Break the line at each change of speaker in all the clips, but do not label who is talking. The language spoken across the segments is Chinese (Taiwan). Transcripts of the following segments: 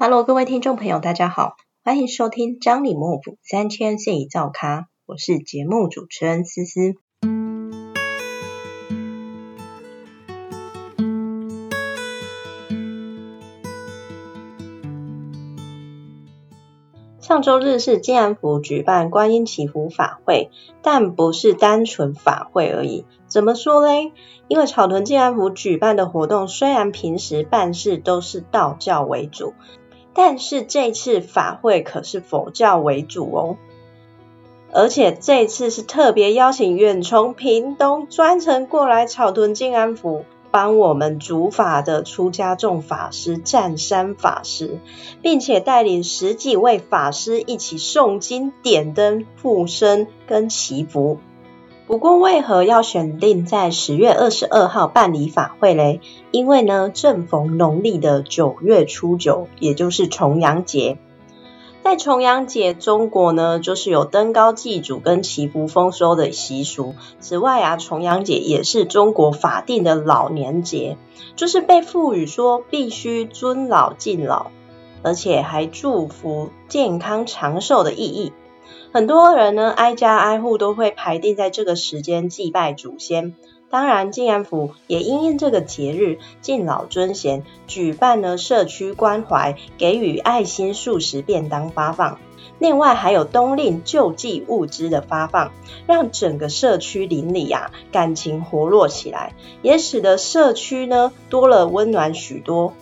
Hello，各位聽眾朋友，大家好，歡迎收聽《張裡木府三千現已造咖》，我是節目主持人思思。上周日是靜安府舉辦觀音祈福法會，但不是單純法會而已。怎麼說嘞？因為草屯靜安府舉辦的活動，雖然平時辦事都是道教為主。但是這次法會可是佛教為主哦，而且這次是特別邀請遠從屏東專程過來草屯金安府幫我們主法的出家眾法師占山法師，並且帶領十幾位法師一起誦經、點燈、護生跟祈福。不過，為何要選定在十月二十二號辦理法會嘞？因為呢，正逢農曆的九月初九，也就是重陽節。在重陽節，中國呢，就是有登高祭祖跟祈福豐收的習俗。此外啊，重陽節也是中國法定的老年節，就是被賦予說必須尊老敬老，而且還祝福健康長壽的意義。很多人呢，挨家挨戶都會排定在這個時間祭拜祖先。當然，金安府也因應這個節日，敬老尊賢，舉辦了社區關懷，給予愛心素食便當發放。另外，還有冬令救濟物資的發放，讓整個社區鄰里啊，感情活絡起來，也使得社區呢多了溫暖許多。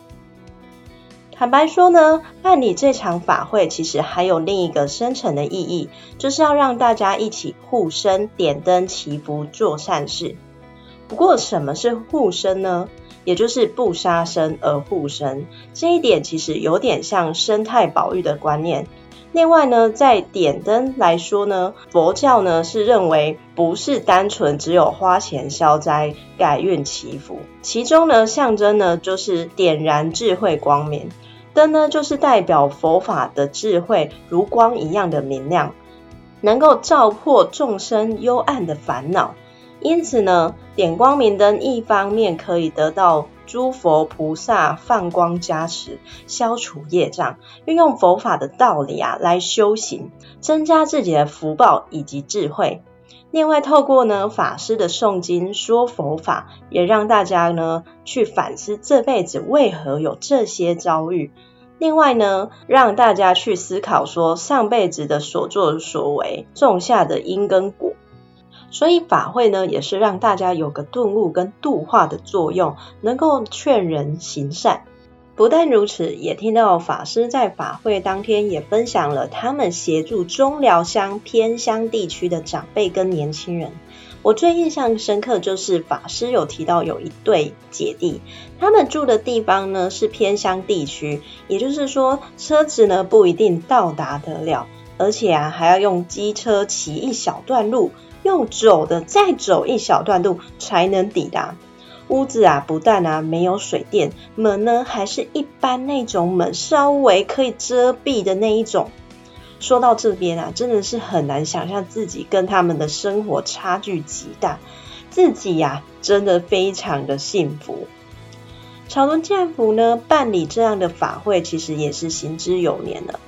坦白說呢，辦理這場法會其實還有另一個深層的意義，就是要讓大家一起護生、點燈祈福、做善事。不過，什麼是護生呢？也就是不殺生而護生，這一點其實有點像生態保育的觀念。另外呢，在點燈來說呢，佛教呢是認為不是單純只有花錢消災、改運祈福，其中呢象徵呢就是點燃智慧光明燈呢，就是代表佛法的智慧如光一樣的明亮，能夠照破眾生幽暗的煩惱。因此呢，點光明燈一方面可以得到。諸佛菩薩放光加持，消除業障，運用佛法的道理啊，來修行，增加自己的福報以及智慧。另外，透過呢法師的誦經說佛法，也讓大家呢去反思這輩子為何有這些遭遇。另外呢，讓大家去思考說上輩子的所作所為，種下的因跟果。所以法會呢，也是讓大家有個頓悟跟度化的作用，能夠勸人行善。不但如此，也聽到法師在法會當天也分享了他們協助中寮鄉偏鄉地區的長輩跟年輕人。我最印象深刻就是法師有提到有一對姐弟，他們住的地方呢是偏鄉地區，也就是說車子呢不一定到達得了，而且啊還要用機車騎一小段路。用走的，再走一小段路才能抵達屋子啊！不但啊沒有水電，門呢還是一般那種門，稍微可以遮蔽的那一種。說到這邊啊，真的是很難想象自己跟他們的生活差距極大，自己呀、啊、真的非常的幸福。朝根家府呢辦理這樣的法會，其實也是行之有年了。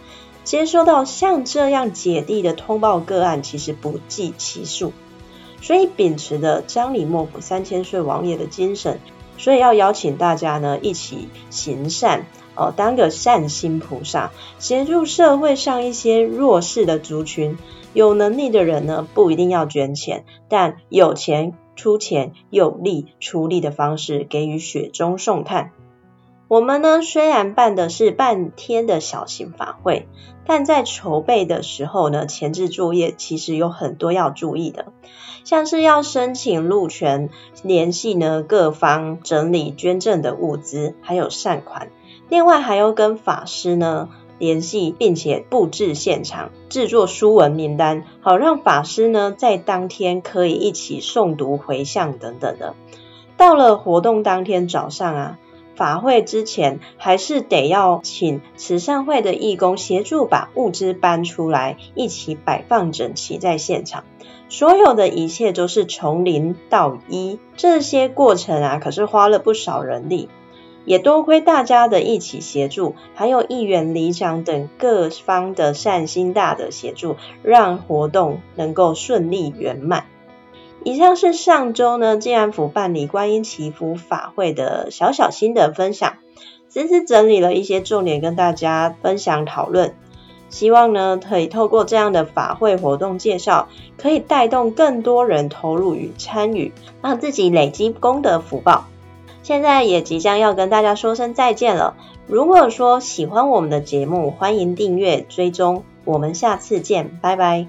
接收到像這樣姐弟的通報個案，其實不計其數。所以秉持着張李莫府三千歲王爺的精神，所以要邀請大家呢一起行善哦、呃，當個善心菩薩，協助社會上一些弱勢的族群。有能力的人呢，不一定要捐錢，但有錢出錢，有力出力的方式，給予雪中送炭。我們呢，雖然辦的是半天的小型法會，但在籌備的時候呢，前置作業其實有很多要注意的，像是要申請路權，聯繫呢各方整理捐贈的物資，還有善款；另外還要跟法師呢聯繫，並且布置現場，制作書文名單，好讓法師呢在當天可以一起誦讀回向等等的。到了活動當天早上啊。法會之前，還是得要請慈善會的義工協助把物資搬出來，一起擺放整齊在現場。所有的一切都是從零到一，這些過程啊，可是花了不少人力，也多虧大家的一起協助，還有議員、理事長等各方的善心大德協助，讓活動能夠順利圓滿。以上是上周呢，濟安府辦理觀音祈福法會的小小心得分享，絲絲整理了一些重點跟大家分享討論，希望呢可以透過這樣的法會活動介紹，可以帶動更多人投入與參與，讓自己累積功德福報。現在也即將要跟大家說聲再見了，如果說喜歡我們的節目，歡迎訂閱追蹤，我們下次見，拜拜。